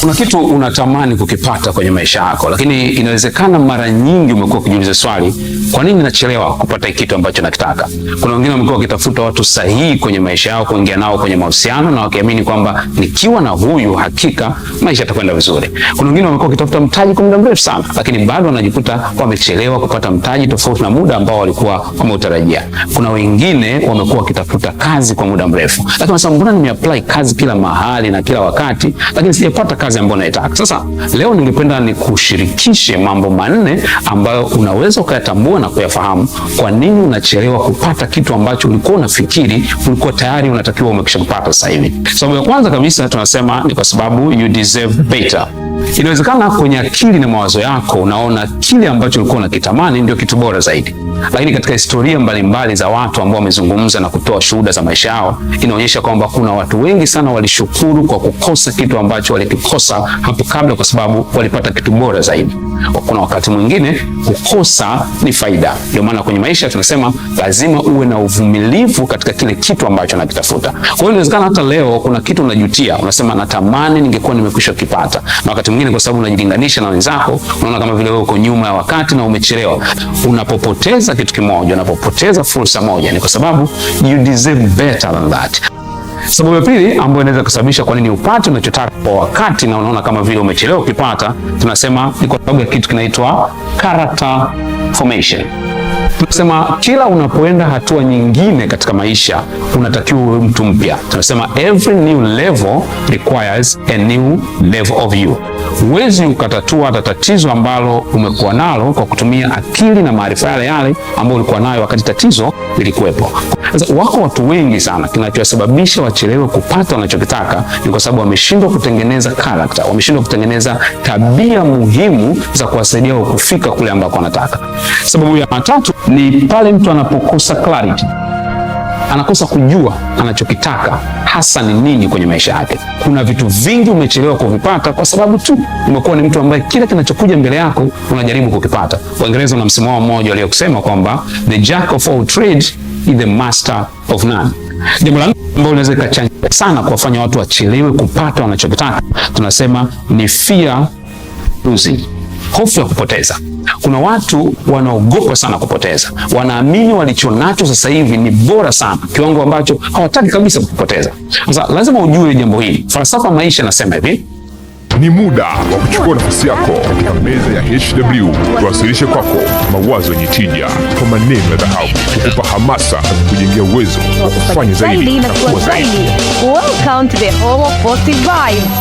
Kuna kitu unatamani kukipata kwenye maisha yako, lakini inawezekana mara nyingi umekuwa ukijiuliza swali, kwa nini nachelewa kupata kitu ambacho nakitaka? Kuna wengine wamekuwa wakitafuta watu sahihi kwenye maisha yao, kuingia nao kwenye mahusiano na wakiamini kwamba nikiwa na huyu hakika maisha yatakwenda vizuri. Kuna wengine wamekuwa wakitafuta mtaji kwa muda mrefu sana, lakini bado wanajikuta wamechelewa kupata mtaji tofauti na muda ambao walikuwa wameutarajia. Kuna wengine wamekuwa wakitafuta kazi kwa muda mrefu, lakini wanasema mbona nimeapply kazi kila mahali na kila wakati, lakini sijapata kazi kazi ambayo unaitaka. Sasa leo ningependa nikushirikishe mambo manne ambayo unaweza ukayatambua na kuyafahamu, kwa nini unachelewa kupata kitu ambacho ulikuwa unafikiri ulikuwa tayari unatakiwa umekisha sasa hivi. Sababu ya kwanza kabisa tunasema ni kwa sababu you deserve better. Inawezekana kwenye akili na mawazo yako unaona kile ambacho ulikuwa unakitamani ndio kitu bora zaidi, lakini katika historia mbalimbali mbali za watu ambao wamezungumza na kutoa shuhuda za maisha yao inaonyesha kwamba kuna watu wengi sana walishukuru kwa kukosa kitu ambacho walikikosa hapo kabla, kwa sababu walipata kitu bora zaidi. Kuna wakati mwingine kukosa ni faida. Ndio maana kwenye maisha tunasema lazima uwe na uvumilivu katika kile kitu ambacho unakitafuta. Kwa hiyo inawezekana hata leo kuna kitu unajutia, unasema natamani ningekuwa nimekwisha kipata, na wakati mwingine, kwa sababu unajilinganisha na wenzako, unaona kama vile wewe uko nyuma ya wakati na umechelewa. Unapopoteza kitu kimoja, unapopoteza fursa moja, ni kwa sababu you deserve better than that. Sababu ya pili ambayo inaweza kusababisha kwa nini upate unachotaka kwa wakati na unaona kama vile umechelewa ukipata, tunasema ni kwa sababu ya kitu kinaitwa character formation tunasema kila unapoenda hatua nyingine katika maisha unatakiwa uwe mtu mpya. Tunasema every new level requires a new level of you. Huwezi ukatatua hata tatizo ambalo umekuwa nalo kwa kutumia akili na maarifa yale yale ambayo ulikuwa nayo wakati tatizo lilikuwepo. Sasa wako watu wengi sana, kinachosababisha wachelewe kupata wanachokitaka ni kwa sababu wameshindwa kutengeneza karakta, wameshindwa kutengeneza tabia muhimu za kuwasaidia kufika kule ambako wanataka. Sababu ya tatu ni pale mtu anapokosa clarity, anakosa kujua anachokitaka hasa ni nini kwenye maisha yake. Kuna vitu vingi umechelewa kuvipata kwa sababu tu umekuwa ni mtu ambaye kila kinachokuja mbele yako unajaribu kukipata. Waingereza na msimu wao mmoja waliokusema kwamba the jack of all trade is the master of none. Jambo la nne ambalo linaweza ikachangia sana kuwafanya watu wachelewe kupata wanachokitaka tunasema ni fear losing hofu ya kupoteza. Kuna watu wanaogopa sana kupoteza, wanaamini walichonacho sasa hivi ni bora sana, kiwango ambacho hawataki kabisa kupoteza. Sasa lazima ujue jambo hili. Falsafa maisha nasema hivi ni muda wa kuchukua nafasi yako katika meza ya HW, tuwasilishe kwako mawazo yenye tija kwa maneno ya dhahabu, kukupa hamasa na kujengea uwezo wa kufanya zaidi na kuwa zaidi. Welcome to the Hall of Positive Vibes.